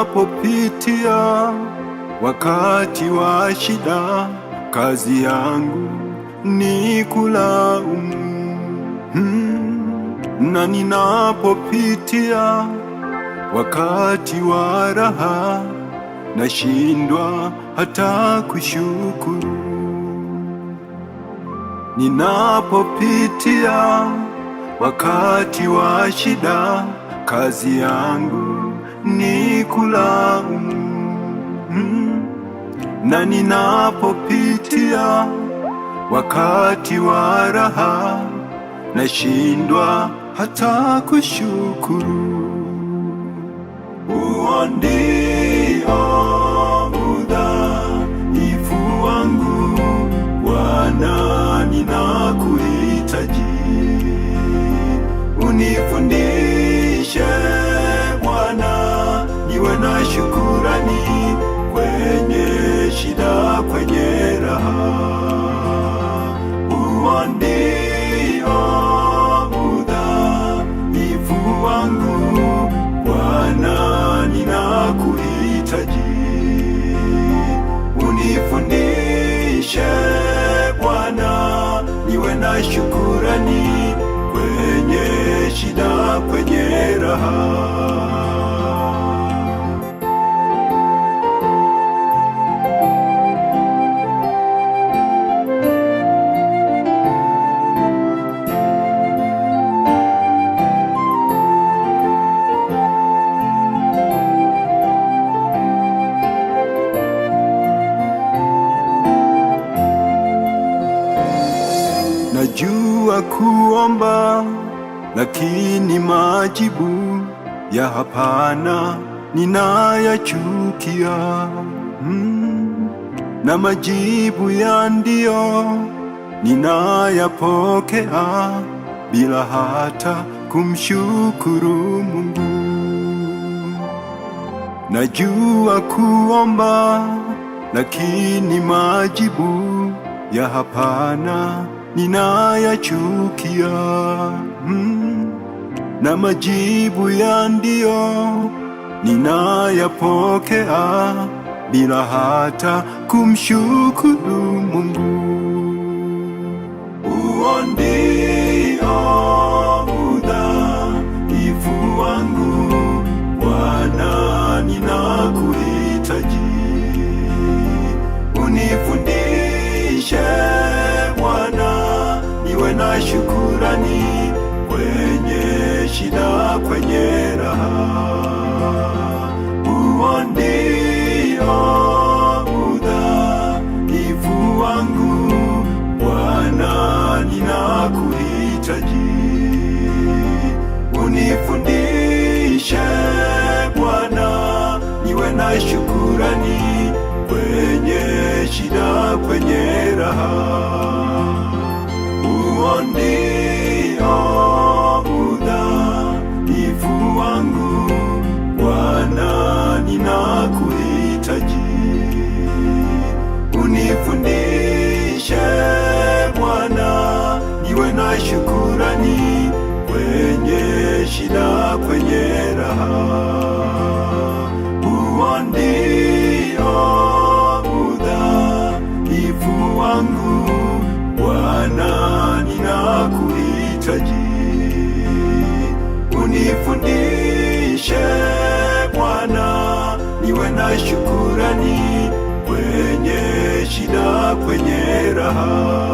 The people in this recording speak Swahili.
ninapopitia wakati wa shida, kazi yangu ni kulaumu hmm. Na ninapopitia wakati wa raha, nashindwa hata kushukuru. Ninapopitia wakati wa shida, kazi yangu nikulaumu mm, na ninapopitia wakati wa raha nashindwa hata kushukuru. Uwandi na shukurani kwenye shida, kwenye raha. Huo ndio udhaifu wangu, Bwana ninakuhitaji. Unifundishe Bwana niwe na shukurani kwenye shida, kwenye raha Najua kuomba lakini majibu ya hapana ninayachukia, Hmm. na majibu ya ndio ninayapokea bila hata kumshukuru Mungu. Najua kuomba lakini majibu ya hapana ninayachukia mm, na majibu ya ndio ninayapokea bila hata kumshukuru Mungu. shukurani, kwenye shida, kwenye raha, huo ndio udhaifu wangu. Bwana, ninakuhitaji, unifundishe Bwana, niwe na shukurani, kwenye shida, kwenye raha nyumbani, kwenye shida, kwenye raha, huo ndio udhaifu wangu. Bwana, ninakuhitaji, unifundishe Bwana, niwe na shukurani, kwenye shida, kwenye raha